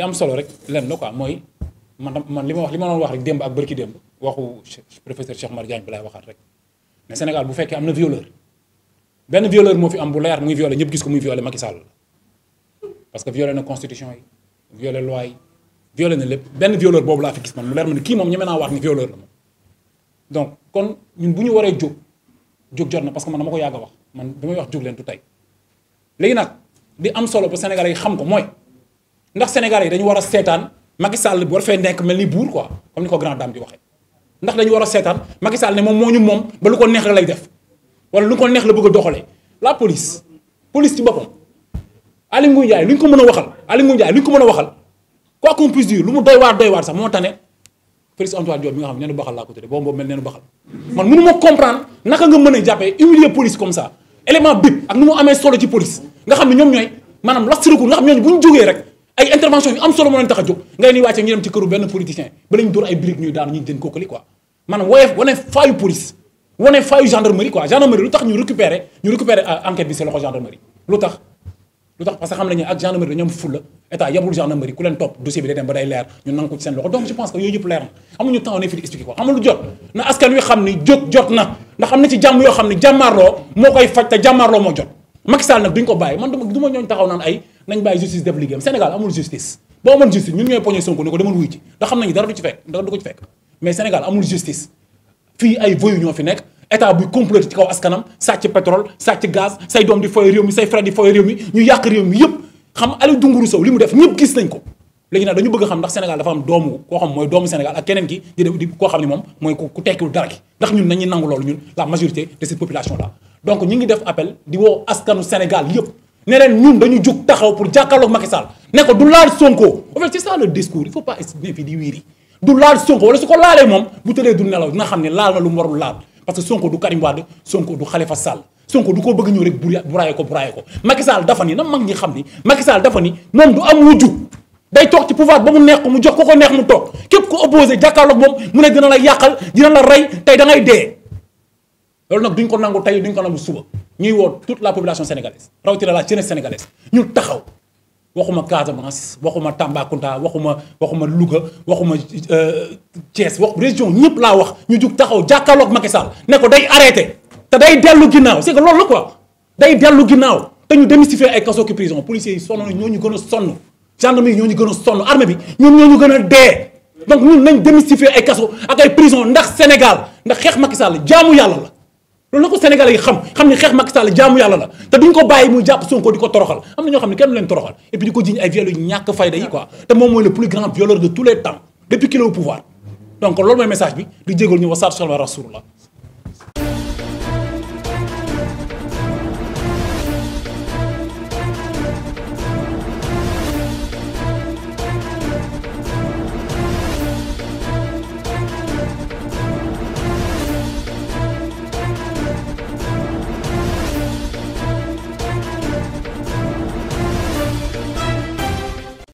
li am solo rek lenn la quoi mooy man man li ma wax li ma doon wax rek démb ak bërki démb waxu professeur Cheikh Mar Diagne bi laay waxaat rek mais Sénégal bu fekkee am na violeur benn violeur moo fi am bu leer muy violé ñëpp gis ko muy violé Macky Sall parce que violé na constitution yi violé loi yi violé na lépp benn violeur boobu laa fi gis man mu leer ma ne kii moom ñeme naa waat ni violeur la moom. donc kon ñun bu ñu waree jóg jóg jot na parce que man dama ko yàgg wax man bi may wax jóg leen du tey léegi nag di am solo ba Sénégalais yi xam ko mooy. ndax Sénégalais yi dañu war a seetaan Macky Sall bu war fee nekk mel ni buur quoi comme ni ko grande dame di waxee ndax dañu war a seetaan Macky Sall ne moom moo ñu moom ba lu ko neex la lay def wala lu ko neex la bëgg a doxalee la police police ci boppam Aly Ngouille Ndiaye lu ñu ko mën a waxal Aly lu ñu ko mën a waxal quoi qu'on puisse dire lu mu doy waar doy waar sax moo tane Félix Antoine Diop bi nga xam ne neenu baxal laa ko tuddee boobu boobu mel naka nga mën a jàppee humilier police comme ça ak nu mu amee solo ci police nga xam ne ñoom ñooy maanaam lastriku nga xam ñooñu bu ñu jógee rek ay intervention yu am solo moo leen tax a jóg ngay ni wàcce ñu dem ci këru benn politicien ba lañ dóor ay briques ñuy daanu ñu den kookali quoi maanaam woyef wane faayu police wane faayu gendarmerie quoi gendarmerie lu tax ñu récupérer ñu récupérer euh, ak gendarmerie dañoo am fulla état yabul gendarmerie ku leen topp dossier bi day dem ba day leer ñu nangu ko seen loxo donc je pense que yooyu yëpp leer na amuñu temps di expliquer quoi amul jot na askan xam ni jóg jot jàmm yoo xam ne jàmmaarloo moo koy faj te Macky Sall nag duñ ko bàyyi man du ma ñooñ taxaw naan ay nañ bàyyi justice def liggéeyam Sénégal amul justice boo amoon justice ñun ñooy poñe Sonko ni ko demal wuy ci ndax xam nañu dara du ci fekk dara du ko ci fekk mais Sénégal amul justice li mu def ñëpp gis nañ ko léegi nag dañu bëgg xam ndax Sénégal dafa am doomu koo xam mooy doomu Sénégal ak keneen koo xam ne moom mooy ku tekkiwul dara ki ndax ñun nañuy nangu loolu ñun la majorité de cette population là donc ñu ngi def appel di woo askanu Sénégal yëpp ne leen ñun dañu jug taxaw pour jàkkaarloog Macky Sall ne du laal Sonko en fait c'est ça le discours il faut pas ne fii di wiiri du laal Sonko wala su ko laalee moom bu tëddee du nelaw dina xam ne laal na lu mu warul laal parce que Sonko du Karim Wade Sonko du Khalifa Sall Sonko du ko bëgg ñëw rek buraaye ko buraaye ko Macky Sall dafa ni na mag ñi xam ni Macky Sall dafa ni moom du am wujju day toog ci pouvoir mu jox ko ko neex mu toog képp ku opposé jàkkaarloog moom mu ne dina la yàqal dina la loolu nag duñ ko nangu tey duñ ko nangu suba ñuy woo toute la population sénégalaise rawatina la jeunesse sénégalaise ñu taxaw waxuma Casamance waxuma Tambacounda waxuma waxuma Louga waxuma euh, Thiès wax région ñëpp laa wax ñu jug taxaw jàkkaarloog Macky Sall ne ko day arrêté te day dellu ginnaaw c'est que loolu la ko day dellu ginnaaw te ñu démystifier ay kaso ki prison policiers yi sonn na ñoo ñu gën a sonn gendarmerie ñoo ñu gën a sonn armée bi ñoom ñoo gën a dee donc ñun nañ démystifier ay kaso ak ay ndax Sénégal ndax xeex Macky Sall jaamu yàlla loolu la ko Sénégalais yi xam xam ni xeex Macky Sall jaamu yàlla la te duñ ko bàyyi muy jàpp Sonko di ko toroxal am na ñoo xam ne kenn du leen toroxal et di ko jiñ ay viol ñàkk fayda yi quoi te moom mooy le plus grand violeur de tous les temps depuis qu'il pouvoir donc loolu mooy message bi di jégal ñu wasaatu salma rasulullah